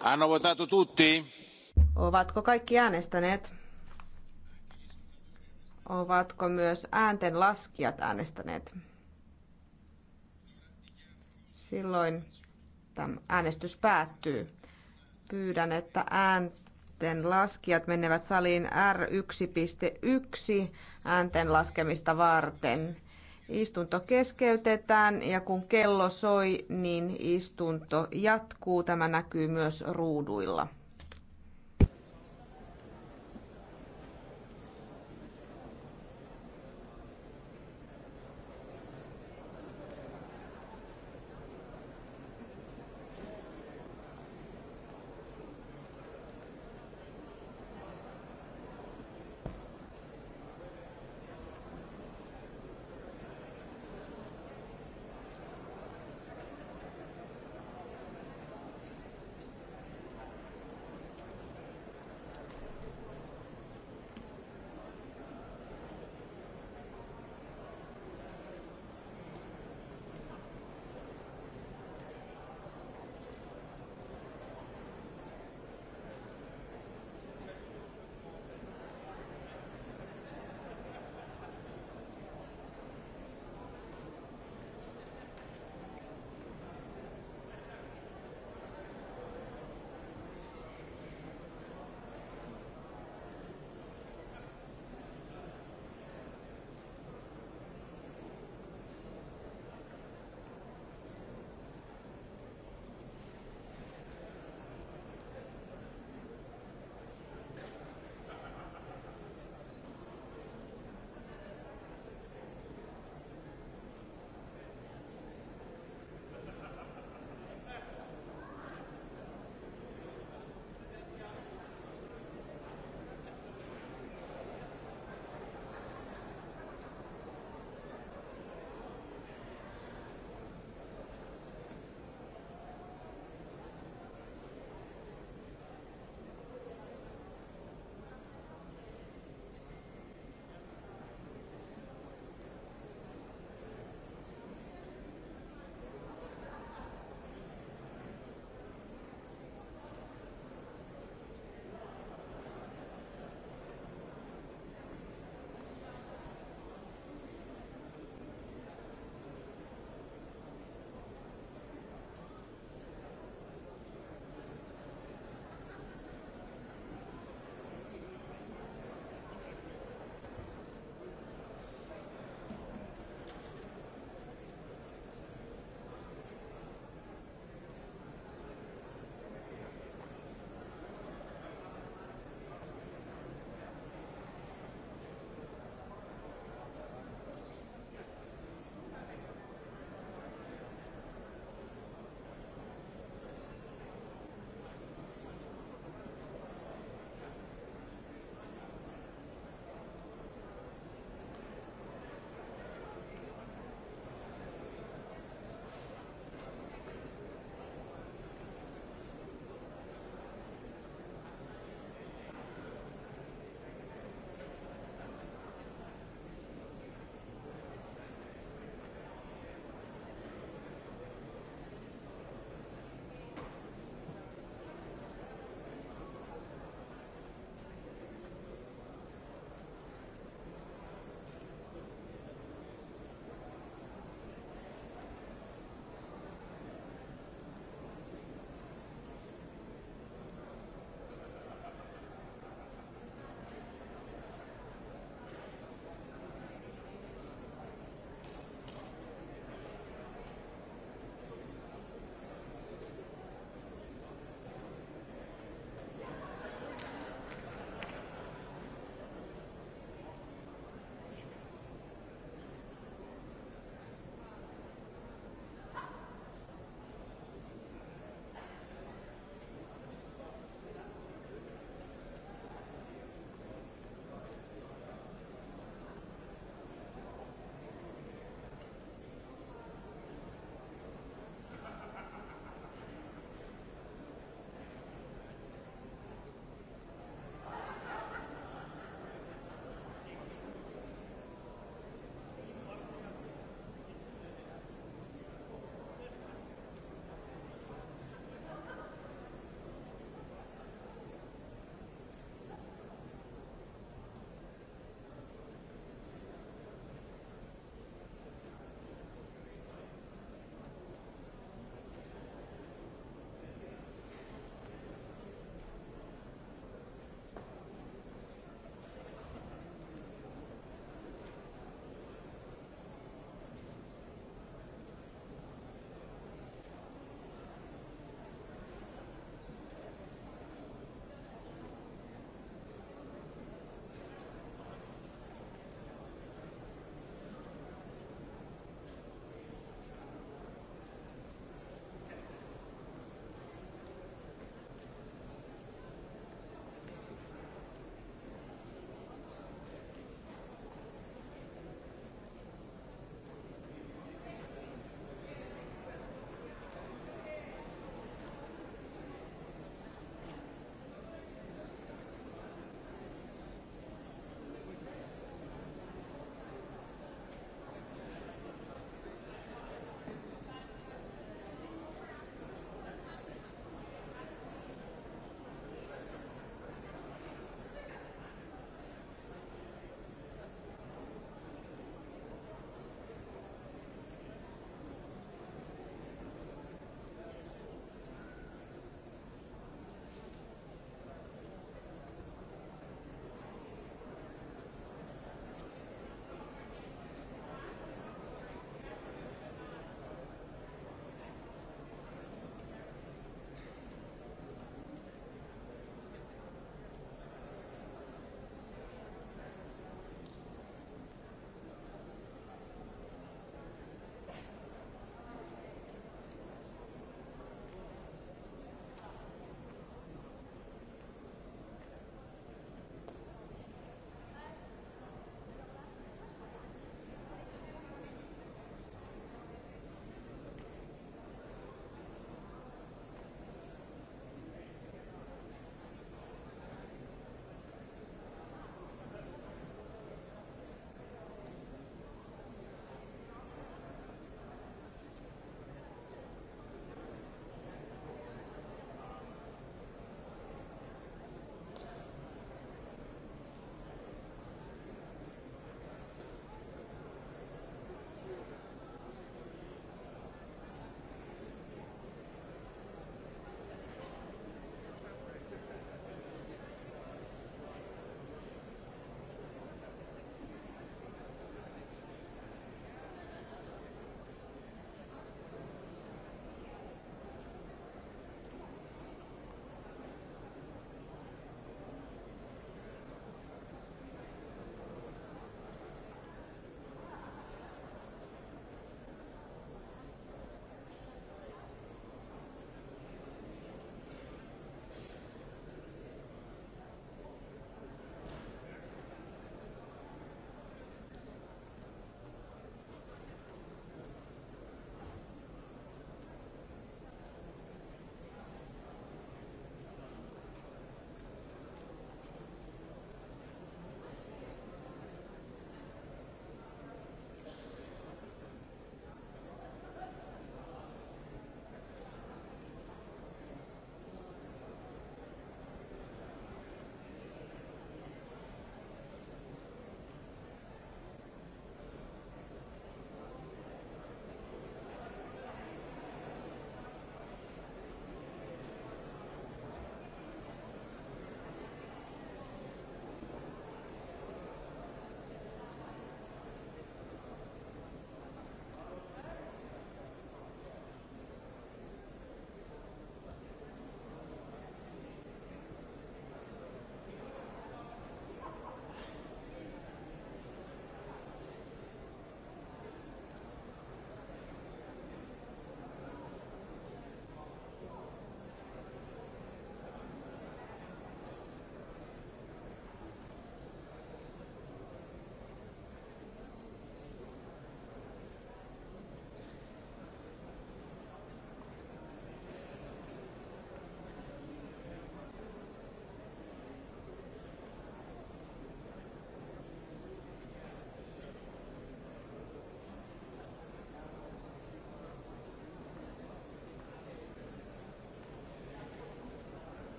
Hanno votato tutti? Ovatko kaikki äänestäneet? Ovatko myös äänten laskijat äänestäneet? Silloin tämä äänestys päättyy. Pyydän, että äänten laskijat menevät saliin R1.1 äänten laskemista varten. Istunto keskeytetään ja kun kello soi, niin istunto jatkuu. Tämä näkyy myös ruuduilla.